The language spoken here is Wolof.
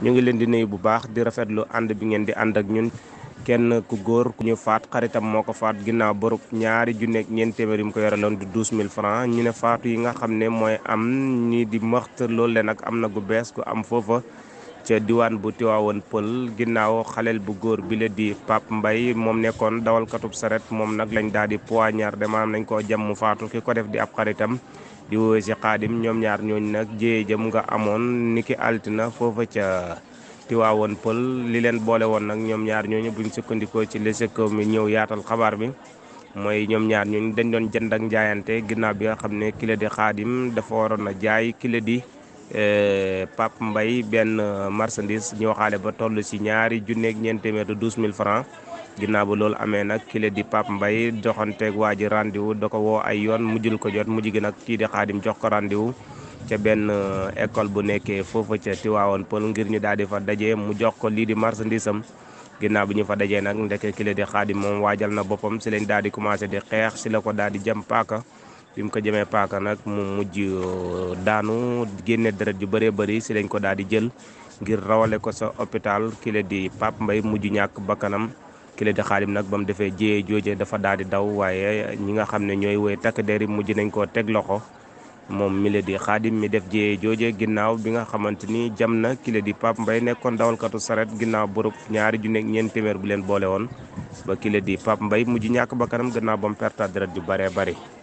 ñu ngi leen di nuyu bu baax di rafetlu ànd bi ngeen di ànd ak ñun kenn ku góor ku ñu faat xaritam moo ko faat ginnaaw bërëb ñaari junneeg ñeenti téeméer yi mu ko yoraloon du douze mille francs ñu ne faatu yi nga xam ne mooy am ñii di meurtre loolu leen ak am na gu bees ku am foofa ca diwaan bu tiwaawoon pël ginnaaw xaleel bu góor bi la di Pape mbay moom nekkoon dawalkatub saret moom nag lañ daal di poignardé maanaam nañ koo jam mu faatu ki ko def di ab xaritam di woy si xaadim ñoom ñaar ñooñu nag jéye jëm nga amoon ki altina foofa ca Tiwaawoon pël li leen boole woon nag ñoom ñaar ñooñu buñ sukkandikoo ci les secours mi ñëw yaatal xabaar bi mooy ñoom ñaar ñooñu dañ doon jënd ak jaayante ginnaaw bi nga xam ne kilo di xaadim dafa waroon a jaay kilo di e, Pape mbay benn marchandise ñu xaale ba toll si ñaari junneeg ñeent téeméer douze mille francs ginnaaw ba loolu amee nag kile di papp mbay joxanteeg waa ji rendez da ko woo ay yoon mujjul ko jot mujj gi nag kii di xaadim jox ko rendez-vous ca benn euh, école bu nekkee foofu ca Tiwaawoon Pël ngir ñu daal di fa dajee mu jox ko lii di marchandise am ginnaaw bi ñu fa dajee nag ndeke kile di xaadim moom waajal na boppam si lañ daal di commencé di xeex si la ko daal di jëm paaka bi mu ko jëmee paaka nag mu mujj euh, daanu génne deret ju bëree bëri si lañ ko daal di jël ngir rawale ko sa hôpital kile di Pape mbay mujj ñàkk bakkanam kile di xaadim nag ba mu defee jiyee jooje dafa daal di daw waaye ñi nga xam ne ñooy woy takk der yi mujj nañ koo teg loxo moom mi la di xaadim mi def jiyee jooje ginnaaw bi nga xamante ni jam na kile di Pape mbay nekkoon dawalkatu saret ginnaaw bërëb ñaari ju nekk ñeent téeméer bu leen boole woon ba kilo di Pape mbay mujj ñàkk ba kanam gannaaw ba mu pertaat deret ju baree bari